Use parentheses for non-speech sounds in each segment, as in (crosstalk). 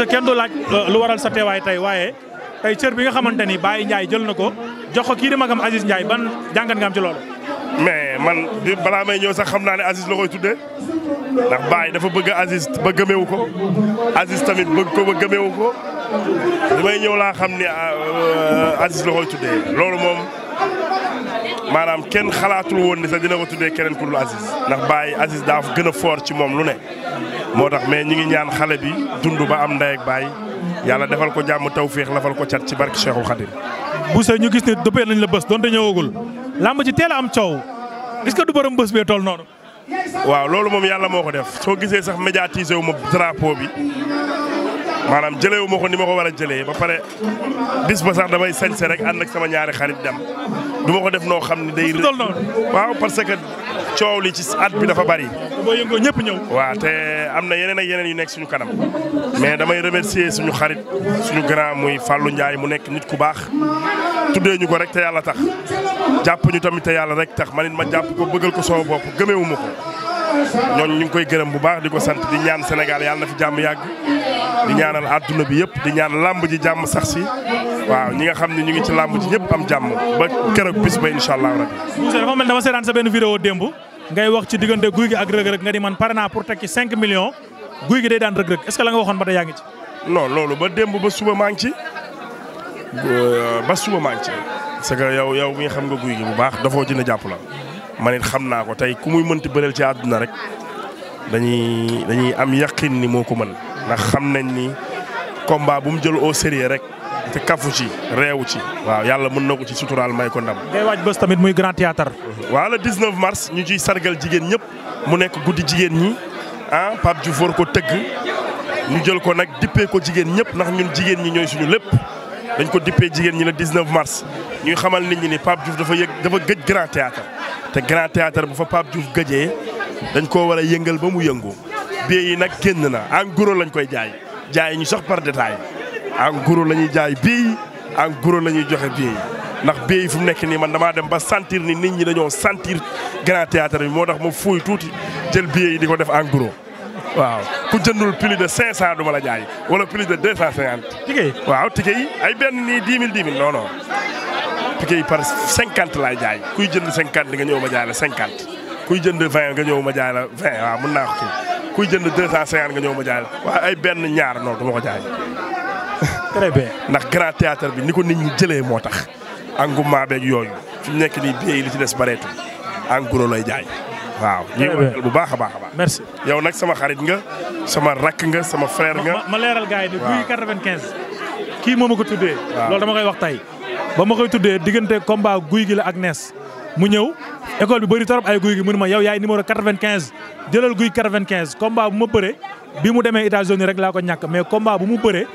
te kenn du laaj euh, lu waral sa teewaay tey waaye tey cër bi nga xamante ni Baye Ndiaye jël na ko jox ko kii di magam Aziz Ndiaye ban jàngat nga am ci loolu. mais man di balaa may ñëw sax xam naa ne Aziz la koy tuddee ndax Baye dafa bëgg Aziz ba gëmewu ko Aziz tamit bëgg ko ba gëmewu ko li may ñëw laa xam ni euh, Aziz la koy tuddee loolu moom maanaam kenn xalaatul woon ni sa dina ko tuddee keneen ku dul Aziz ndax Baye Aziz daa gën a fort ci moom lu ne. moo tax mais ñi ngi ñaan xale bi dund ba am ndey ak baay yàlla defal ko jàmm tawféex lafal ko cat ci barke Cheikhul Khadim. Bousse ñu gis ne dëppee nañ la bës donte ñëwagul làmb ci teel a am coow est-ce du borom bës bee toll noonu. waaw loolu moom yàlla moo ko def soo gisee sax médiatiser wu ma drapeau bi maanaam jëlee wu ko ni ma ko war a jëlee ba pare bis ba sax damay sañse rek ànd ak sama ñaari xarit dem du ma ko def noo xam ne day. waaw parce que coow li ci at bi dafa bari. ñëpp ñëw. waaw te am na yeneen ak yeneen yu nekk suñu kanam mais damay remercier suñu xarit suñu grand muy Fallou Ndiaye mu nekk nit ku baax. tuddee ñu ko rek te yàlla tax jàpp ñu tamit te yàlla rek tax man it ma jàpp ko bëggal ko sama bopp gëmeewu ma ko. ñooñu ñu ngi koy gërëm bu baax di ko sant di ñaan Sénégal yàlla na fi jàmm yàgg di ñaanal àdduna bi yëpp di ñaan làmb ji jàmm sax si waaw ñi nga xam ne ñu ngi ci làmb ji ñëpp am jàmm ba keroog bis ba incha allah rabbi. monsieur dafa mel dama seetaan sa benn vidéo démb ngay wax ci diggante guy gi ak rëg-rëg nga di man pare naa pour tekki 5 millions guy gi day daan rëg-rëg est-ce que la nga waxoon ba tey yaa ngi ci. non loolu ba démb ba suba maa ngi ci euh, ba suba maa ci parce que yow yow mi xam nga guy bu baax dafoo dina jàpp la man it xam naa ko tey ku muy mënti bëreel ci àdduna rek dañuy dañuy am yaqin ni moo ko mën ndax xam nañ ni combat bu mu jël o sérieux rek te kafu ci réewu ci waaw yàlla mën na ko ci suturaal may ko ndam. day waaj bés tamit muy grand théâtre. waaw mars ñu ciy sargal jigéen ñëpp mu nekk guddi jigéen ñi ah Pape Diouf war ko tëgg ñu jël ko nag dippee ko jigéen ñëpp ndax ñun jigéen ñi ñooy suñu lépp dañ ko dippee jigéen ñi la le 19 mars ñuy xamal nit ñi ni Pape Diouf dafa yëg dafa gëj grand théâtre te grand théâtre bu fa Pape Diouf gëjee dañ koo war a yëngal ba mu yëngu billets yi nag génn na en gros lañ koy jaay jaay ñu sax par détail en gros la ñuy jaay bii yi en gros la ñuy joxe bii yi ndax bii yi fu mu nekk nii man damaa dem ba sentir ni nit ñi dañoo sentir grand théâtre bi moo tax ma fuuy tuuti jël billets yi di ko def en guro waaw ku jëndul plus de 500 du ma la jaay wala plus de 250. ticket yi waaw ticket yi ay benn nii 10 000 10 000 piqué yi par cinquante laay jaay kuy jënd cinquante nga ñëw ma jaay la cinquante kuy jënd vingt nga ñëw ma jaay la vingt waaw mën naa ko kii kuy jënd deux cent cinquante nga ñëw ma jaay la waaw ay benn ñaar noo du ma ko jaay. (laughs) très ndax grand théâtre bi ni ko nit ñi jëlee moo tax. engouement beeg yooyu fi mu nekk nii billets li ci des bareetul en gros lay jaay. waaw ñuy bu baax a baax a baax. yow nag sama xarit nga sama rakk nga sama frère nga. ma leeral gars yi ne 95. kii moom a ko tuddee. loolu dama koy wax tey ba ma koy tuddee diggante combat guy gi la ak nees mu ñëw école bi bëri torop ay guy gi mu ne ma yow yaay numéro 95 jëlal guy 95 combat bu ma bëree bi mu demee États-Unis rek laa ko ñàkk mais combat bu mu bëree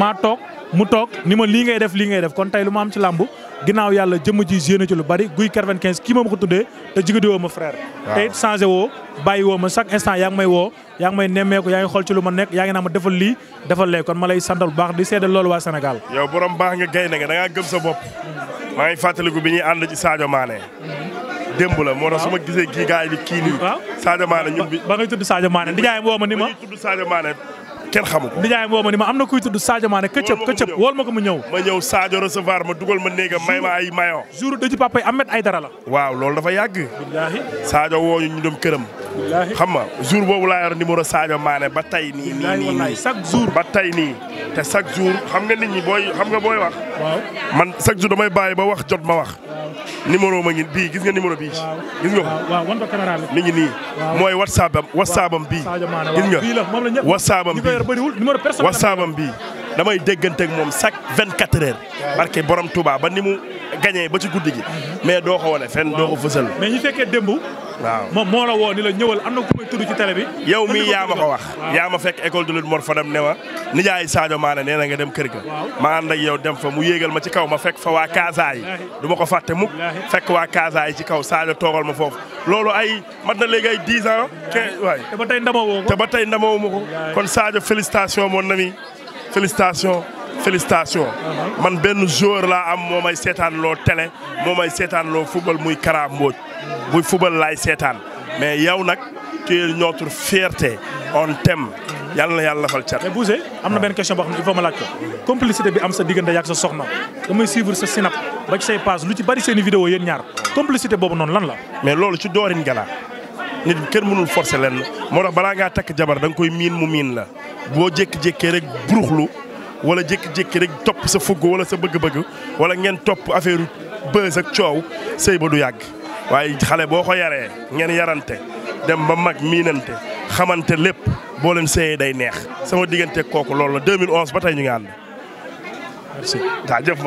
maa toog mu toog ni ma lii ngay def lii ngay def kon tey lu ma am ci làmbu ginnaaw yàlla jëmm ji génne ci lu bari guy 95 kii moom ko tuddee te jigéen woo ma frère. waaw te woo bàyyi woo ma chaque instant yaa ngi may woo yaa ngi may nemmeeku yaa ngi xool ci lu ma nekk yaa ngi naa ma defal lii defal lee kon ma lay santal bu baax di seedal loolu waa Sénégal. yow borom baax nga gaynde nga da ngaa gëm sa bopp. maa ngi fàttaliku bi ñuy ànd ci Sadio Mané. démb la moo tax su ma gisee kii gars yi kii nii. waaw Sadio Mané ñun bi ba ngay tudd Sadio Mané di jaay woo ma kenn xamu ko Ndiaye woo ma ni ma am na kuy tudd Sadio Mané këccëb wool ma ko mu ñëw ma ñëw Sadio recevoir ma dugal ma néegam may ma ay mayo jour dëju papa yi Ahmed Aïdara la waaw loolu dafa yàgg billaahi Sadio woo ñu ñu dem këram xam nga jour boobu laa yor numéro Sadio ba tey nii nii nii chaque jour ba tey ni te chaque jour xam nga nit ñi booy xam nga booy wax man chaque jour damay bàyyi ba wax jot ma wax numéro ma ngi bii gis nga numéro bii. gis nga ko mi ngi nii. mooy whatsapp am whatsapp am bii. gis nga whatsapp am bii whatsapp am bii damay déggante ak moom chaque 24 heures. barke borom Touba ba ni mu. gagné ba ci guddi gi. mais doo ko wane fenn doo ko fësal. mais fekkee démb. waaw moom moo la woo ni la ñëwal am na ku may tudd ci télé bi. yow mii yaa ma ko wax. yaa ma fekk école de lutte Mor Fadam ne ma. nijaay saajo Mané ne na nga dem kër ga. ma ànd ak yow dem fa mu yéegal ma ci kaw ma fekk fa waa Kaasa yi. du ma ko fàtte mukk fekk waa Kaasa ci kaw Sadio toogal ma foofu. loolu ay mat na léegi ay 10 ans. waay te ba tey ndamoo woo ko ba tey ndamoo ma kon Sadio félicitation mon ami félicitation. félicitation man benn joueur laa am moo may seetaan loo télé moo may seetaan loo football muy Kara Mbodj buy football laay seetaan mais yow nag tu es notre fierté on t'aime yàlla yàlla lafal cat. mais am na benn ah. question boo xam ne il faut ma laaj ko complicité bi am sa diggante yàgg sa soxna damay suivre sa sinap ba ci say page lu ci bari seen i vidéo yéen ñaar complicité boobu noonu lan la. mais loolu ci doorin gala nit kenn mënul forcer leen moo tax balaa ngaa takk jabar da nga koy miin mu miin la boo jékki rek wala jékki-jékki rek topp sa fugg wala sa bëgg-bëgg wala ngeen topp affaire bës ak coow sëy ba du yàgg waaye xale boo ko yaree ngeen yarante dem ba mag miinante xamante lépp boo leen sëyee day neex sama diggante kooku loolu la 2011 ba tey ñu ngi ànd merci jaajëf